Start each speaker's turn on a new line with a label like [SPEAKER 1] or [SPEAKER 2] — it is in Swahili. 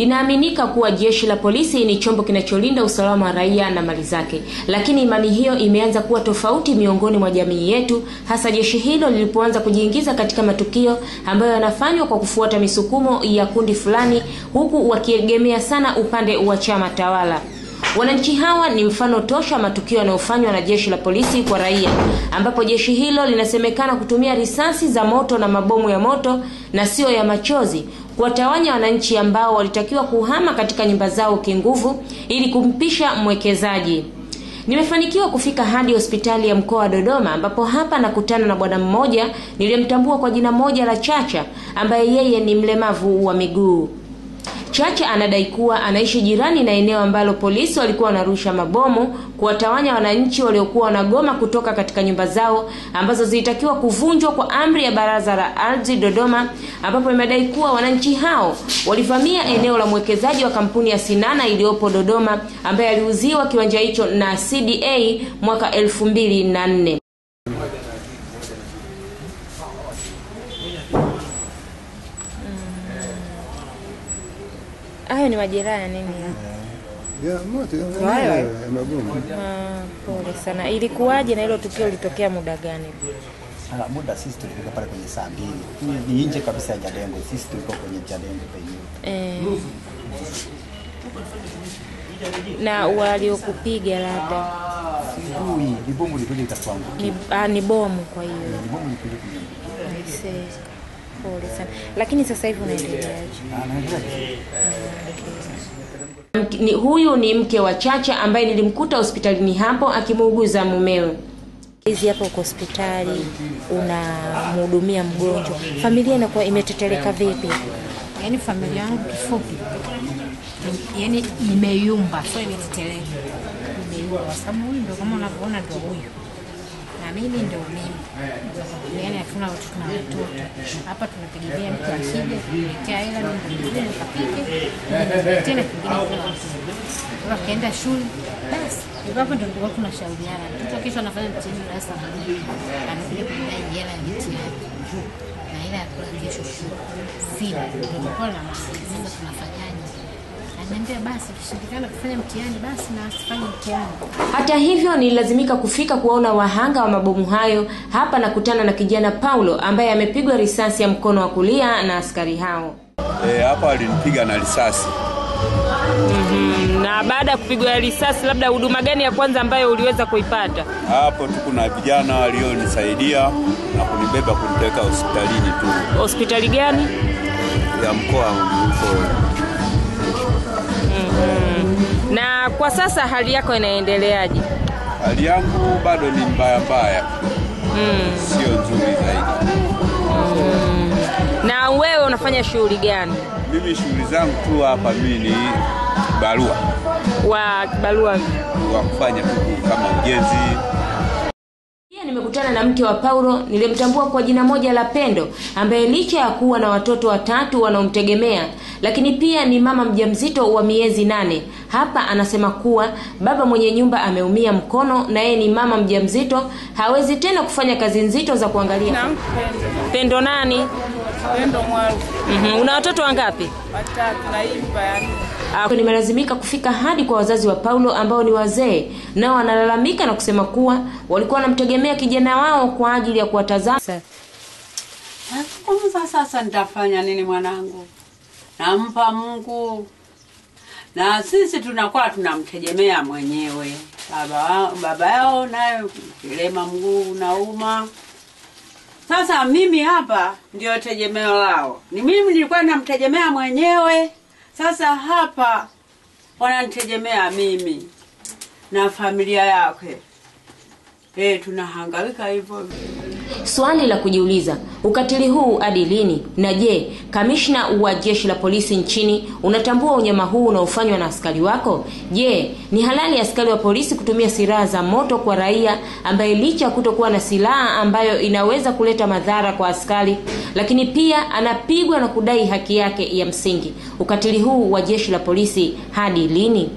[SPEAKER 1] Inaaminika kuwa jeshi la polisi ni chombo kinacholinda usalama wa raia na mali zake, lakini imani hiyo imeanza kuwa tofauti miongoni mwa jamii yetu, hasa jeshi hilo lilipoanza kujiingiza katika matukio ambayo yanafanywa kwa kufuata misukumo ya kundi fulani, huku wakiegemea sana upande wa chama tawala. Wananchi hawa ni mfano tosha wa matukio yanayofanywa na jeshi la polisi kwa raia, ambapo jeshi hilo linasemekana kutumia risasi za moto na mabomu ya moto na sio ya machozi kuwatawanya wananchi ambao walitakiwa kuhama katika nyumba zao kinguvu ili kumpisha mwekezaji. Nimefanikiwa kufika hadi hospitali ya mkoa wa Dodoma ambapo hapa nakutana na bwana mmoja niliyemtambua kwa jina moja la Chacha ambaye yeye ni mlemavu wa miguu. Chacha anadai kuwa anaishi jirani na eneo ambalo polisi walikuwa wanarusha mabomu kuwatawanya wananchi waliokuwa wanagoma kutoka katika nyumba zao ambazo zilitakiwa kuvunjwa kwa amri ya Baraza la Ardhi Dodoma, ambapo imedai kuwa wananchi hao walivamia eneo la mwekezaji wa kampuni ya Sinana iliyopo Dodoma ambaye aliuziwa kiwanja hicho na CDA mwaka elfu mbili na nne. hayo ni majeraha eh, ya nini? Hayo magumu. Ah, pole sana. Ilikuwaje na hilo tukio litokea muda gani?
[SPEAKER 2] Ala, muda sisi tulifika pale kwenye saa mbili ni nje kabisa ya Jadengo, sisi tulikuwa kwenye Jadengo penyewe
[SPEAKER 1] eh. Na waliokupiga labda
[SPEAKER 2] sijui, ni bomu likuja ikatuangukia,
[SPEAKER 1] ah, ni bomu, kwa hiyo ni bomu likuja kuniangukia Pole sana. Lakini sasa hivi unaendeleaje?
[SPEAKER 3] Ni, huyu ni mke wa Chacha ambaye nilimkuta hospitalini hapo akimuuguza mumewe.
[SPEAKER 1] Hizi hapo uko hospitali unamhudumia mgonjwa, familia inakuwa imetetereka vipi?
[SPEAKER 4] Yaani familia yangu kifupi, yaani imeyumba, sio imetetereka, imeyumba kwa sababu huyu ndo kama unavyoona ndo huyu mimi ndio mimi, yaani hatuna watu, tuna watoto hapa, tunategemea mtu akija kuletea hela, mingine kapike tena kingine kula, akaenda shule. Basi hapo ndio kuna shauriana. mtoto kesho anafanya mtihani darasa moja, anakuja kudai hela ya mtihani na hela ya kula kesho shule, sina ndio kwa na maana
[SPEAKER 3] hata hivyo nililazimika kufika kuwaona wahanga wa mabomu hayo. Hapa nakutana na kijana Paulo ambaye amepigwa risasi ya mkono wa kulia na askari hao.
[SPEAKER 5] E, hapa alinipiga na risasi.
[SPEAKER 3] Mm-hmm. Na baada ya kupigwa risasi, labda huduma gani ya kwanza ambayo uliweza kuipata?
[SPEAKER 5] Hapo tu kuna vijana walionisaidia na kunibeba kunipeleka hospitalini tu.
[SPEAKER 3] Hospitali gani?
[SPEAKER 5] Ya mkoa mkoa
[SPEAKER 3] Mm-hmm. Na kwa sasa hali yako inaendeleaje?
[SPEAKER 5] Hali yangu bado ni mbaya mbaya, mm. sio nzuri zaidi.
[SPEAKER 3] mm. Na wewe unafanya shughuli gani?
[SPEAKER 5] Mimi shughuli zangu tu hapa, mimi ni barua
[SPEAKER 3] wa barua
[SPEAKER 5] wa kufanya kama ujenzi
[SPEAKER 3] nimekutana na mke wa Paulo nilimtambua kwa jina moja la Pendo, ambaye licha ya kuwa na watoto watatu wanaomtegemea, lakini pia ni mama mjamzito wa miezi nane. Hapa anasema kuwa baba mwenye nyumba ameumia mkono na yeye ni mama mjamzito, hawezi tena kufanya kazi nzito za kuangalia. Na, Pendo nani? Pendo mwangu. Mm-hmm. Una watoto wangapi?
[SPEAKER 6] Watatu na yani.
[SPEAKER 3] Ako ah, nimelazimika kufika hadi kwa wazazi wa Paulo ambao ni wazee, nao wanalalamika na kusema kuwa walikuwa wanamtegemea kijana wao kwa ajili ya kuwatazama. Sasa,
[SPEAKER 7] sasa nitafanya nini mwanangu? Nampa Mungu na sisi tunakuwa tunamtegemea mwenyewe. Baba, baba yao naye kilema, mguu unauma. Sasa mimi hapa ndio tegemeo lao, ni mimi nilikuwa namtegemea mwenyewe. Sasa hapa wanantegemea mimi na familia yake. Eh, tunahangaika hivyo.
[SPEAKER 3] Swali la kujiuliza, ukatili huu hadi lini? Na je, kamishna wa jeshi la polisi nchini, unatambua unyama huu unaofanywa na askari wako? Je, ni halali askari wa polisi kutumia silaha za moto kwa raia ambaye licha ya kutokuwa na silaha ambayo inaweza kuleta madhara kwa askari, lakini pia anapigwa na kudai haki yake ya msingi? Ukatili huu wa jeshi la polisi hadi lini?